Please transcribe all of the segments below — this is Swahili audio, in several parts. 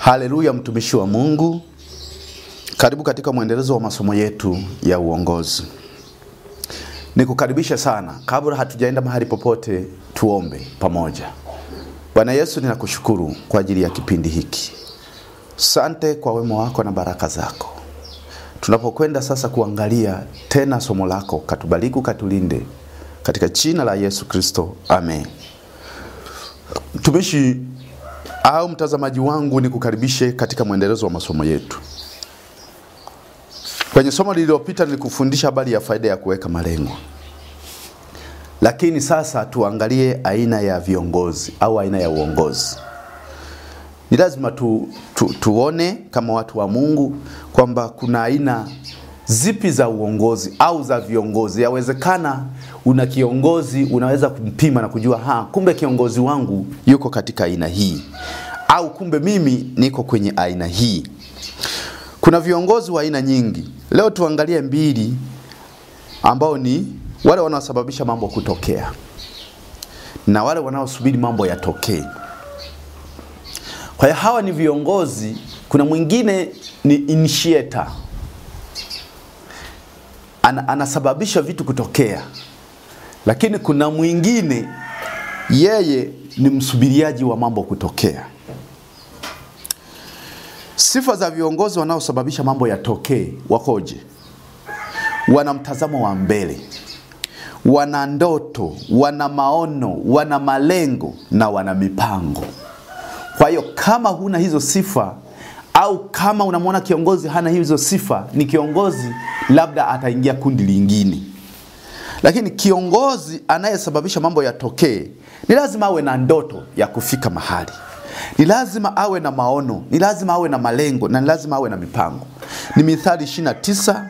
Haleluya, mtumishi wa Mungu, karibu katika mwendelezo wa masomo yetu ya uongozi. Nikukaribisha sana. Kabla hatujaenda mahali popote, tuombe pamoja. Bwana Yesu, ninakushukuru kwa ajili ya kipindi hiki. Sante kwa wema wako na baraka zako. Tunapokwenda sasa kuangalia tena somo lako, katubariki, katulinde katika jina la Yesu Kristo, amen. Mtumishi au mtazamaji wangu, ni kukaribishe katika mwendelezo wa masomo yetu. Kwenye somo lililopita nilikufundisha habari ya faida ya kuweka malengo, lakini sasa tuangalie aina ya viongozi au aina ya uongozi. Ni lazima tu, tu, tuone kama watu wa Mungu kwamba kuna aina zipi za uongozi au za viongozi. Yawezekana una kiongozi, unaweza kumpima na kujua ha, kumbe kiongozi wangu yuko katika aina hii, au kumbe mimi niko kwenye aina hii. Kuna viongozi wa aina nyingi. Leo tuangalie mbili ambao ni wale wanaosababisha mambo kutokea na wale wanaosubiri mambo yatokee. Kwa hiyo hawa ni viongozi. Kuna mwingine ni initiator ana, anasababisha vitu kutokea, lakini kuna mwingine yeye ni msubiriaji wa mambo kutokea. Sifa za viongozi wanaosababisha mambo yatokee wakoje? Wana mtazamo wa mbele, wana ndoto, wana maono, wana malengo na wana mipango. Kwa hiyo kama huna hizo sifa au kama unamwona kiongozi hana hizo sifa, ni kiongozi labda ataingia kundi lingine. Lakini kiongozi anayesababisha mambo yatokee ni lazima awe na ndoto ya kufika mahali, ni lazima awe na maono, ni lazima awe na malengo na ni lazima awe na mipango. Ni Mithali 29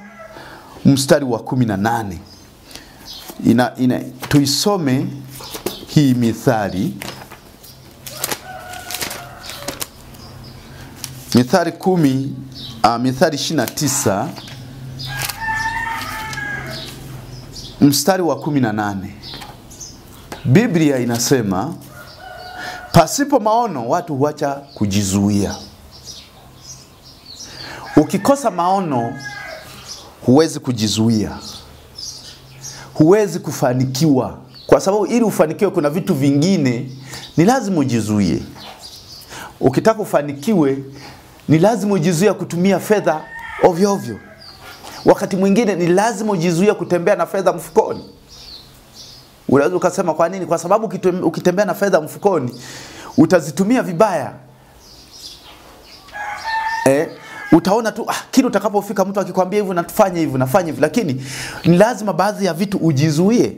mstari wa 18. Ina, ina, tuisome hii Mithali. Mithali kumi, uh, Mithali mstari wa nane Biblia inasema pasipo maono watu huacha kujizuia. Ukikosa maono huwezi kujizuia, huwezi kufanikiwa, kwa sababu ili ufanikiwe kuna vitu vingine ni lazima ujizuie. Ukitaka ufanikiwe ni lazima ujizuia kutumia fedha ovyo ovyo Wakati mwingine ni lazima ujizuia kutembea na fedha mfukoni. Unaweza ukasema kwa nini? Kwa sababu ukitembea na fedha mfukoni utazitumia vibaya. Eh, utaona tu ah, kile utakapofika mtu akikwambia hivyo nafanye hivyo nafanye hivi, lakini ni lazima baadhi ya vitu ujizuie.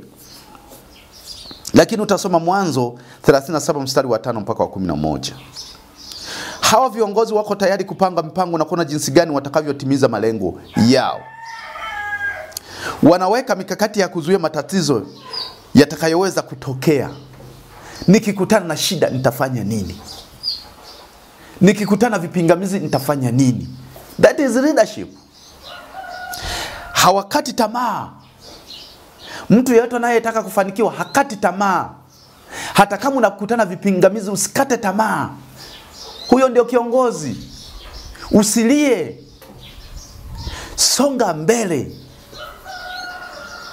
Lakini utasoma Mwanzo 37 mstari wa 5 mpaka wa 11 hawa viongozi wako tayari kupanga mpango na kuona jinsi gani watakavyotimiza malengo yao. Wanaweka mikakati ya kuzuia matatizo yatakayoweza kutokea. Nikikutana na shida nitafanya nini? Nikikutana vipingamizi nitafanya nini? That is leadership. Hawakati tamaa. Mtu yeyote anayetaka kufanikiwa hakati tamaa. Hata kama unakutana vipingamizi, usikate tamaa. Huyo ndio kiongozi. Usilie, songa mbele.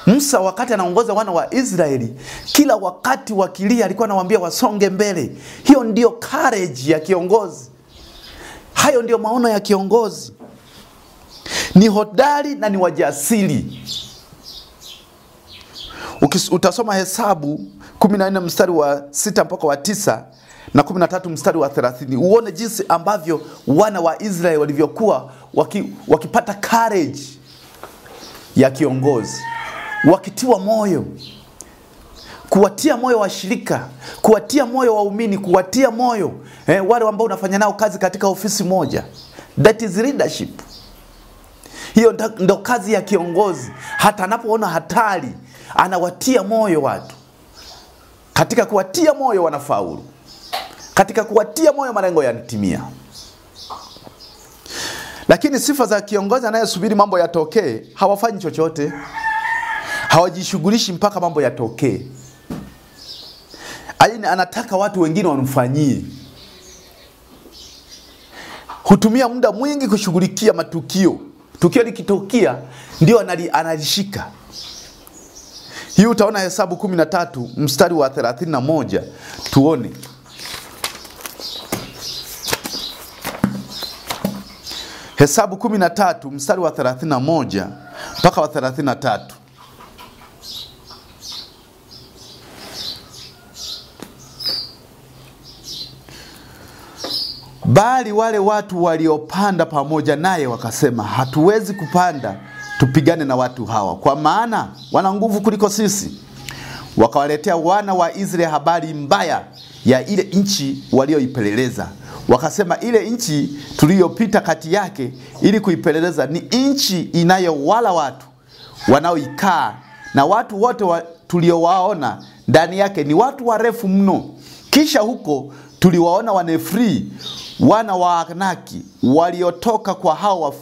Musa wakati anaongoza wana wa Israeli, kila wakati wakilia alikuwa anawaambia wasonge mbele. Hiyo ndio courage ya kiongozi. Hayo ndio maono ya kiongozi, ni hodari na ni wajasiri. Utasoma Hesabu 14 mstari wa sita mpaka wa tisa na 13 mstari wa 30 uone jinsi ambavyo wana wa Israeli walivyokuwa waki, wakipata courage ya kiongozi, wakitiwa moyo, kuwatia moyo washirika, kuwatia moyo waumini, kuwatia moyo eh, wale ambao unafanya nao kazi katika ofisi moja. That is leadership. Hiyo ndo kazi ya kiongozi, hata anapoona hatari anawatia moyo watu. Katika kuwatia moyo wanafaulu katika kuwatia moyo malengo yanatimia. Lakini sifa za kiongozi anayesubiri mambo yatokee, hawafanyi chochote, hawajishughulishi mpaka mambo yatokee. Aini anataka watu wengine wamfanyie, hutumia muda mwingi kushughulikia matukio. Tukio likitokea ndio analishika. Hii utaona Hesabu kumi na tatu mstari wa thelathini na moja tuone Hesabu 13 mstari wa 31 mpaka wa 33. Bali wale watu waliopanda pamoja naye wakasema, hatuwezi kupanda tupigane na watu hawa, kwa maana wana nguvu kuliko sisi. Wakawaletea wana wa Israeli habari mbaya ya ile nchi walioipeleleza wakasema ile nchi tuliyopita kati yake ili kuipeleleza ni nchi inayowala watu wanaoikaa na watu wote wa, tuliowaona ndani yake ni watu warefu mno. Kisha huko tuliwaona Wanefri wana wa Anaki waliotoka kwa hao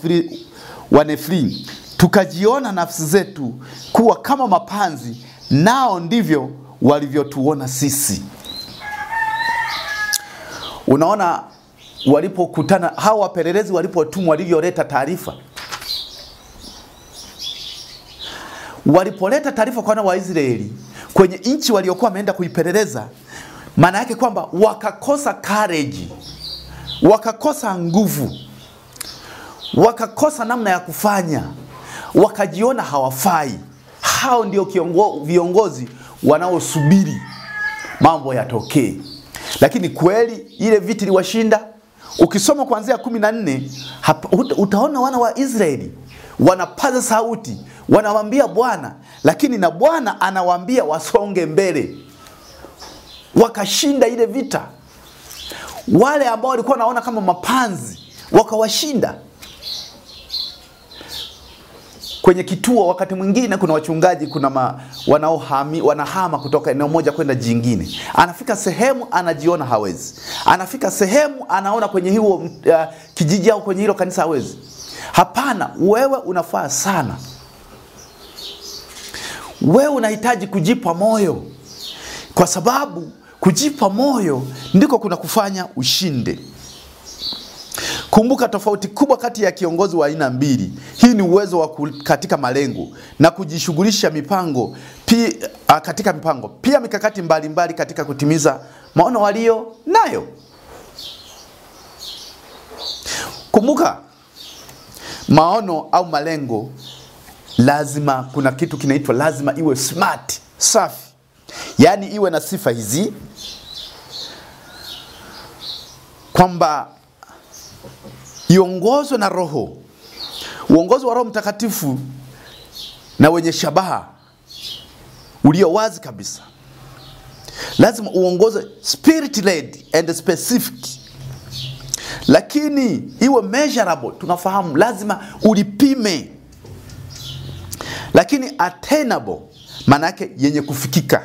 Wanefri, tukajiona nafsi zetu kuwa kama mapanzi, nao ndivyo walivyotuona sisi. Unaona walipokutana hawa wapelelezi walipotumwa, walivyoleta taarifa, walipoleta taarifa kwa wana wa Israeli kwenye nchi waliokuwa wameenda kuipeleleza, maana yake kwamba wakakosa courage, wakakosa nguvu, wakakosa namna ya kufanya, wakajiona hawafai. Hao ndio kiongo, viongozi wanaosubiri mambo yatokee, lakini kweli ile vita iliwashinda? Ukisoma kuanzia kumi na nne utaona wana wa Israeli wanapaza sauti, wanawambia Bwana, lakini na Bwana anawambia wasonge mbele, wakashinda ile vita. Wale ambao walikuwa wanaona kama mapanzi wakawashinda kwenye kituo. Wakati mwingine kuna wachungaji, kuna ma, wanaohami, wanahama kutoka eneo moja kwenda jingine. Anafika sehemu anajiona hawezi, anafika sehemu anaona kwenye hiyo uh, kijiji au kwenye hilo kanisa hawezi. Hapana, wewe unafaa sana, wewe unahitaji kujipa moyo, kwa sababu kujipa moyo ndiko kuna kufanya ushinde. Kumbuka tofauti kubwa kati ya kiongozi wa aina mbili. Hii ni uwezo wa katika malengo na kujishughulisha mipango pi, a, ah, katika mipango pia mikakati mbalimbali mbali katika kutimiza maono walio nayo. Kumbuka maono au malengo, lazima kuna kitu kinaitwa, lazima iwe smart, safi, yaani iwe na sifa hizi kwamba iongozwe na Roho, uongozi wa Roho Mtakatifu na wenye shabaha ulio wazi kabisa. Lazima uongoze spirit led and specific, lakini iwe measurable. Tunafahamu lazima ulipime, lakini attainable, maana yake yenye kufikika,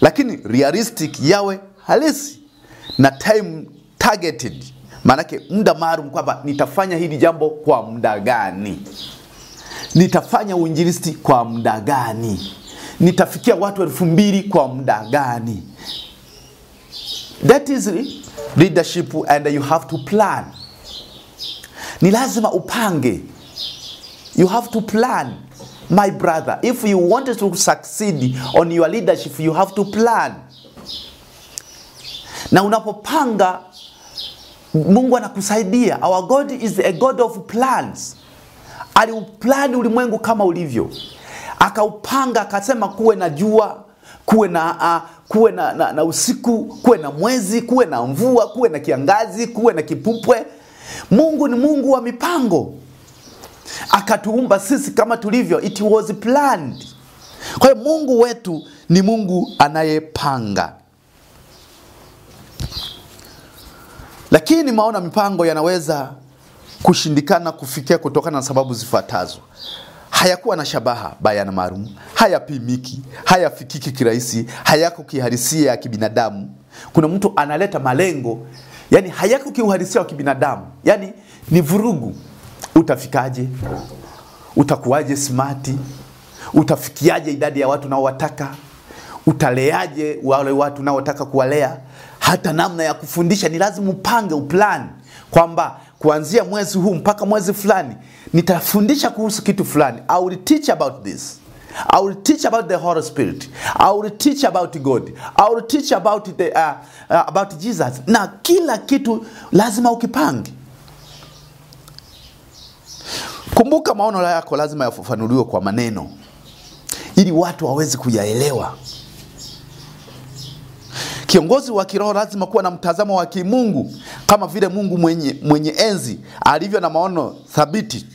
lakini realistic, yawe halisi na time targeted maanake muda maalum kwamba nitafanya hili jambo kwa muda gani, nitafanya uinjilisti kwa muda gani, nitafikia watu elfu mbili kwa muda gani. That is leadership and you have to plan. Ni lazima upange, you have to plan my brother if you want to succeed on your leadership you have to plan. Na unapopanga Mungu anakusaidia. Our God is a God of plans. Aliuplani ulimwengu kama ulivyo, akaupanga, akasema kuwe na jua, kuwe na uh, kuwe na, na, na usiku, kuwe na mwezi, kuwe na mvua, kuwe na kiangazi, kuwe na kipupwe. Mungu ni Mungu wa mipango, akatuumba sisi kama tulivyo. It was planned. Kwa hiyo Mungu wetu ni Mungu anayepanga. Lakini maona mipango yanaweza kushindikana kufikia kutokana na sababu zifuatazo: hayakuwa na shabaha bayana maalum, hayapimiki, hayafikiki kirahisi, hayako kiharisia ya kibinadamu. Kuna mtu analeta malengo yani hayako kiuharisia wa kibinadamu, yani ni vurugu. Utafikaje? Utakuwaje smati Utafikiaje idadi ya watu unaowataka? Utaleaje wale watu unaotaka kuwalea? hata namna ya kufundisha ni lazima upange, uplani kwamba kuanzia mwezi huu mpaka mwezi fulani nitafundisha kuhusu kitu fulani. I will teach about this. I will teach about the Holy Spirit. I will teach about God. I will teach about the, uh, uh, about Jesus. Na kila kitu lazima ukipange. Kumbuka maono yako lazima yafafanuliwe kwa maneno ili watu waweze kuyaelewa. Kiongozi wa kiroho lazima kuwa na mtazamo wa kimungu kama vile Mungu mwenye, mwenye enzi alivyo na maono thabiti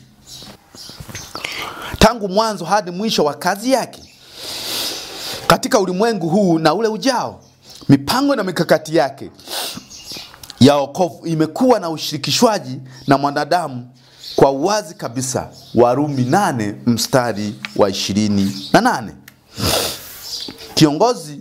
tangu mwanzo hadi mwisho wa kazi yake katika ulimwengu huu na ule ujao. Mipango na mikakati yake ya wokovu imekuwa na ushirikishwaji na mwanadamu kwa uwazi kabisa. Warumi nane mstari wa ishirini na nane. Kiongozi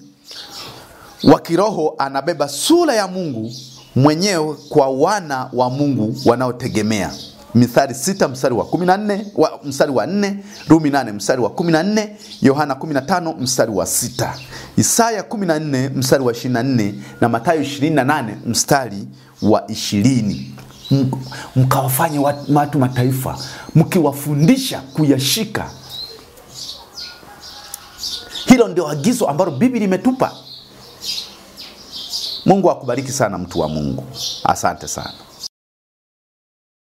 wa kiroho anabeba sura ya Mungu mwenyewe kwa wana wa Mungu wanaotegemea. Mithali sita mstari wa 14, wa mstari wa 4, Rumi 8 mstari wa 14, Yohana 15 mstari wa 6, Isaya 14 mstari wa 24 na Mathayo 28 mstari wa 20. Mkawafanye watu mataifa mkiwafundisha kuyashika. Hilo ndio agizo ambalo Biblia imetupa. Mungu akubariki sana mtu wa Mungu. Asante sana.